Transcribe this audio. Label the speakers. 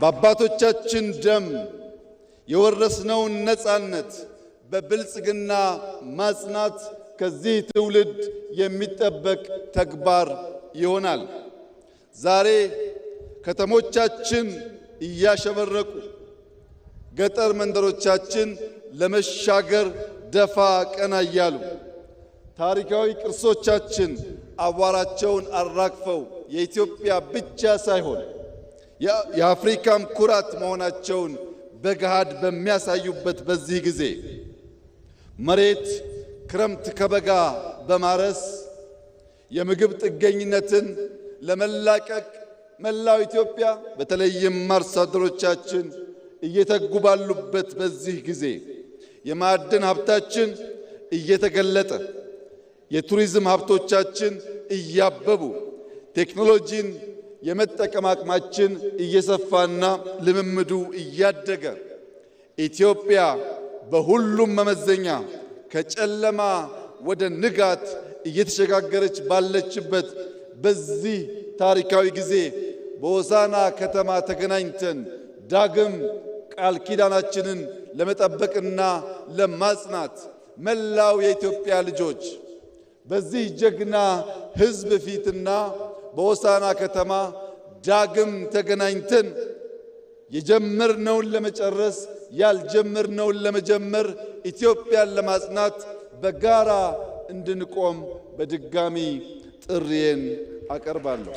Speaker 1: በአባቶቻችን ደም የወረስነውን ነፃነት በብልጽግና ማጽናት ከዚህ ትውልድ የሚጠበቅ ተግባር ይሆናል። ዛሬ ከተሞቻችን እያሸበረቁ ገጠር መንደሮቻችን ለመሻገር ደፋ ቀና እያሉ ታሪካዊ ቅርሶቻችን አቧራቸውን አራግፈው የኢትዮጵያ ብቻ ሳይሆን የአፍሪካም ኩራት መሆናቸውን በገሃድ በሚያሳዩበት በዚህ ጊዜ መሬት ክረምት ከበጋ በማረስ የምግብ ጥገኝነትን ለመላቀቅ መላው ኢትዮጵያ በተለይም አርሶ አደሮቻችን እየተጉ ባሉበት በዚህ ጊዜ የማዕድን ሀብታችን እየተገለጠ የቱሪዝም ሀብቶቻችን እያበቡ ቴክኖሎጂን የመጠቀም አቅማችን እየሰፋና ልምምዱ እያደገ ኢትዮጵያ በሁሉም መመዘኛ ከጨለማ ወደ ንጋት እየተሸጋገረች ባለችበት በዚህ ታሪካዊ ጊዜ በሆሳና ከተማ ተገናኝተን ዳግም ቃል ኪዳናችንን ለመጠበቅና ለማጽናት መላው የኢትዮጵያ ልጆች በዚህ ጀግና ሕዝብ ፊትና በሆሳና ከተማ ዳግም ተገናኝተን የጀመርነውን ለመጨረስ ያልጀመርነውን ለመጀመር ኢትዮጵያን ለማጽናት በጋራ እንድንቆም በድጋሚ ጥሪዬን አቀርባለሁ።